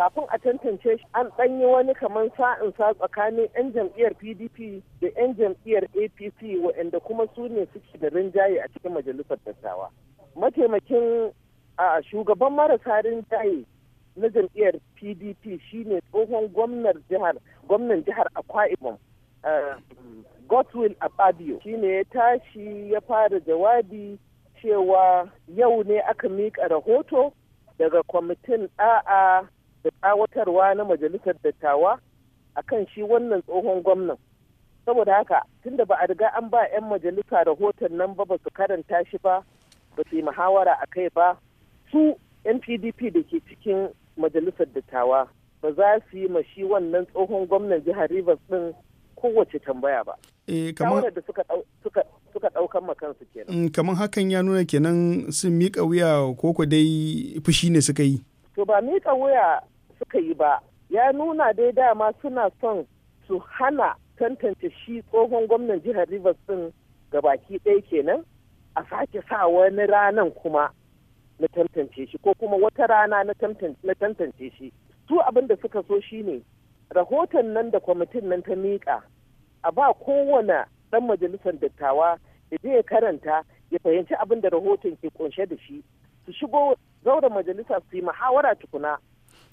kafin a tantance shi an danyi wani kamar sa'insa tsakanin 'yan jam'iyyar pdp da 'yan jam'iyyar apc waɗanda kuma su ne suke da rinjaye a cikin majalisar dattawa mataimakin a shugaban marasa rinjaye na jam'iyyar pdp shine tsohon gwamnan jihar gwamnan jihar akwa ibom godwill abadio shine ya tashi ya fara jawabi cewa yau ne aka miƙa rahoto daga kwamitin ɗa'a da tsawatarwa na majalisar dattawa a kan shi wannan tsohon gwamnan saboda haka tunda ba a riga an ba 'yan majalisa rahoton nan ba ba su karanta shi ba ba su yi muhawara a kai ba su npdp da ke cikin majalisar dattawa ba za su yi ma shi wannan tsohon gwamnan jihar rivers din kowace tambaya ba eh, shawarar da suka ɗaukan makansu kenan mm, kamar hakan ya nuna kenan sun miƙa wuya koko dai fushi ne suka yi to ba miƙa wuya suka yi ba ya nuna dai dama suna son su hana tantance shi tsohon gwamnan jihar rivers ga baki ɗaya kenan a sake sa wani ranan kuma na tantance shi ko kuma wata rana na tantance shi su abin da suka so shi ne rahoton nan da kwamitin nan ta miƙa a ba kowane ɗan majalisar dattawa da zai karanta ya fahimci abin da rahoton ke kunshe da shi su shigo zauren majalisa su yi muhawara tukuna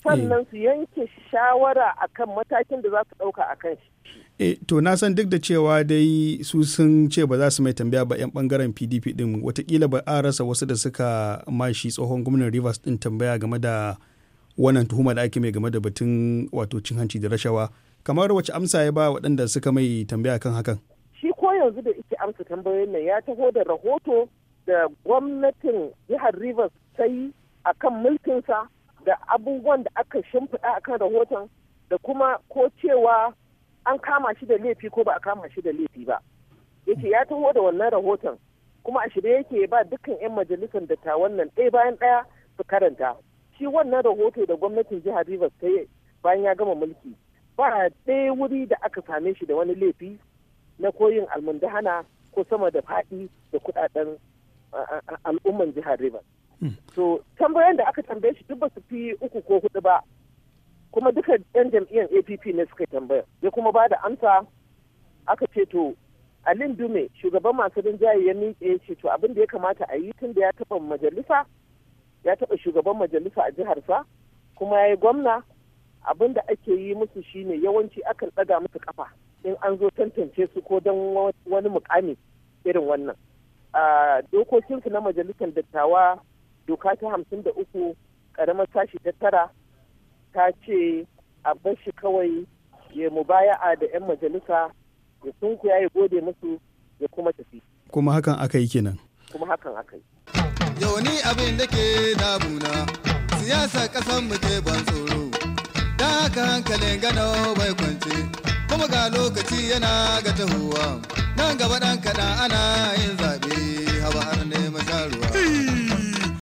sannan su yanke shawara akan matakin da za su ɗauka a kan shi. E, to na san duk da cewa dai su sun ce ba za su mai tambaya ba 'yan bangaren pdp din watakila ba a rasa wasu da suka mashi tsohon gwamnan rivers din tambaya game da wannan tuhuma da ake mai game da batun wato cin hanci da rashawa kamar wacce amsa ya ba waɗanda suka mai tambaya kan hakan shi ko yanzu da ike amsa tambayoyin nan ya taho da rahoto da gwamnatin jihar Rivers ta yi a kan mulkinsa da abubuwan da aka shimfiɗa a kan rahoton da kuma ko cewa an kama shi da laifi ko ba a kama shi da laifi ba. Yake ya taho da wannan rahoton kuma a shirye yake ba dukkan 'yan majalisar dattawan nan ɗaya bayan ɗaya su karanta. Shi wannan rahoto da gwamnatin jihar Rivers ta yi bayan ya gama mulki ba ɗaya wuri da aka same shi da wani laifi na koyin almundahana ko sama da faɗi da kuɗaɗen al'umman jihar Rivers. Hmm. So tambayoyin da aka tambaye shi duk ba su fi uku ko hudu ba kuma duka yan jam'iyyar APP ne suka yi tambaya ya kuma ba da amsa aka ce to Alin Dume shugaban masu rinjaye ya miƙe ce to abin da ya kamata a yi tun da ya taɓa majalisa ya taɓa shugaban majalisa a jiharsa kuma ya yi gwamna abin da ake yi musu shine yawanci akan ɗaga musu kafa in an zo tantance su ko don wani mukami irin wannan a dokokinsu na majalisar dattawa doka ta hamsin da uku karamar sashi ta tara ta ce a bar kawai ya a da 'yan majalisa ya ku ya gode musu ya kuma tafi. Kuma hakan aka yi kenan. Kuma hakan aka yi. Yau ni abin da ke damuna siyasa ƙasar mu ke ban tsoro. Da haka hankalin gano bai kwance. kuma ga lokaci yana ga tahowa nan gaba ɗan kaɗa ana yin zaɓe haba har neman ruwa.